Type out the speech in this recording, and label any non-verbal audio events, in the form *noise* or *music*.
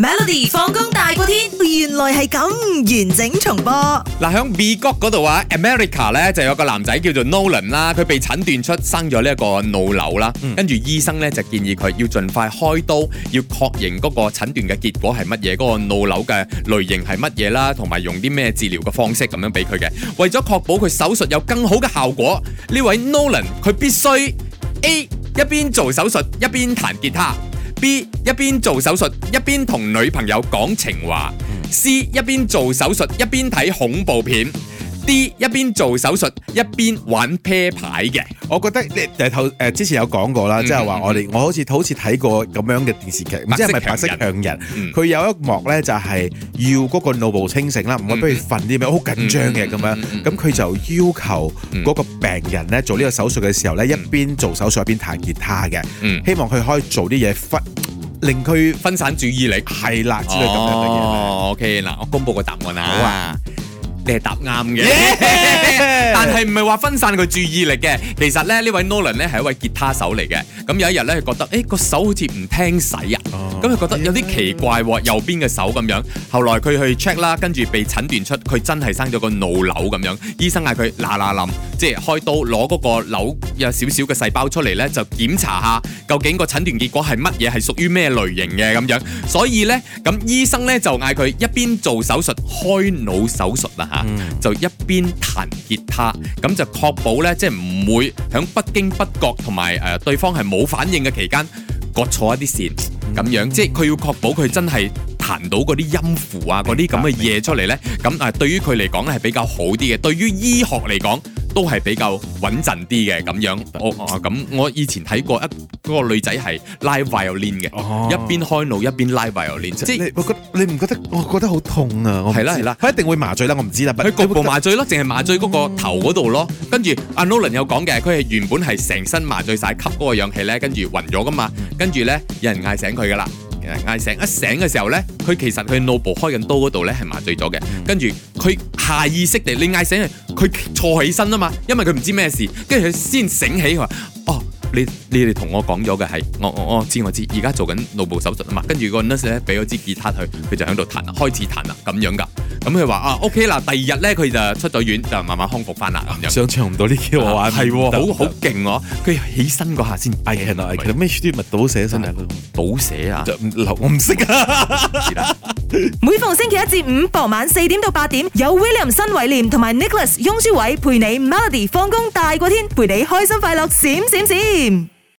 Melody 放工大過天，原來係咁，完整重播。嗱，響、啊、美國嗰度啊，America 咧，就有個男仔叫做 Nolan 啦，佢被診斷出生咗呢一個腦瘤啦，嗯、跟住醫生咧，就建議佢要盡快開刀，要確認嗰個診斷嘅結果係乜嘢，嗰、嗰個腦瘤嘅類型係乜嘢啦，同埋用啲咩治療嘅方式咁樣俾佢嘅。為咗確保佢手術有更好嘅效果，呢位 Nolan 佢必須 A 一邊做手術一邊彈吉他。B 一邊做手術一邊同女朋友講情話，C 一邊做手術一邊睇恐怖片。啲一邊做手術一邊玩 pair 牌嘅。我覺得你誒頭誒之前有講過啦，即係話我哋我好似好似睇過咁樣嘅電視劇，唔知係咪白色強人，佢有一幕咧就係要嗰個腦部清醒啦，唔可以俾佢瞓啲咩，好緊張嘅咁樣，咁佢就要求嗰個病人咧做呢個手術嘅時候咧一邊做手術一邊彈吉他嘅，希望佢可以做啲嘢分令佢分散注意力，係啦，之類咁樣嘅嘢。哦，OK 嗱，我公布個答案啦，好啊。係答啱嘅，Yeah! *laughs* 但係唔係話分散佢注意力嘅。其實咧，位呢位 Nolan 咧係一位吉他手嚟嘅。咁有一日咧，佢覺得誒個、欸、手好似唔聽使啊，咁佢、oh，覺得有啲奇怪喎，右邊嘅手咁樣。後來佢去 check 啦，跟住被診斷出佢真係生咗個腦瘤咁樣。醫生嗌佢嗱嗱臨，即係開刀攞嗰個瘤。有少少嘅細胞出嚟呢，就檢查下究竟個診斷結果係乜嘢，係屬於咩類型嘅咁樣。所以呢，咁醫生呢就嗌佢一邊做手術，開腦手術啦吓，啊嗯、就一邊彈吉他，咁就確保呢，即係唔會響不經不覺同埋誒對方係冇反應嘅期間割錯一啲線咁樣，即係佢要確保佢真係彈到嗰啲音符啊，嗰啲咁嘅嘢出嚟呢。咁啊、呃，對於佢嚟講咧係比較好啲嘅，對於醫學嚟講。都係比較穩陣啲嘅咁樣，我咁我以前睇過一嗰、那個女仔係拉壞又 N 嘅，一邊開腦一邊拉壞 i 攣，即係我覺你唔覺得我覺得好痛啊？係啦係啦，佢、啊啊、一定會麻醉啦，我唔知啦，佢局、啊、但部麻醉咯，淨係麻醉嗰個頭嗰度咯，嗯、跟住阿 n o l a n 有講嘅，佢係原本係成身麻醉晒，吸嗰個氧氣咧，跟住暈咗噶嘛，跟住咧有人嗌醒佢噶啦，嗌醒一醒嘅時候咧。佢其實佢腦部開緊刀嗰度咧係麻醉咗嘅，跟住佢下意識地你嗌醒佢，佢坐起身啊嘛，因為佢唔知咩事，跟住佢先醒起佢話：哦，你你哋同我講咗嘅係，我我我，我，我，我知我知，而家做緊腦部手術啊嘛，跟住個 nurse 呢俾咗支吉他佢，佢就喺度彈，開始彈啦，咁樣㗎。咁佢話啊，OK 嗱，第二日咧佢就出咗院，就慢慢康復返啦。想象唔到呢啲我話係，好好勁哦！佢起身嗰下先，哎呀嗱，佢咩書都咪倒寫上嚟咯，倒寫啊！嗱，我唔識啊。每逢星期一至五傍晚四點到八點，有 William 新偉廉同埋 Nicholas 翁書偉陪你 Melody 放工大過天，陪你開心快樂閃閃閃。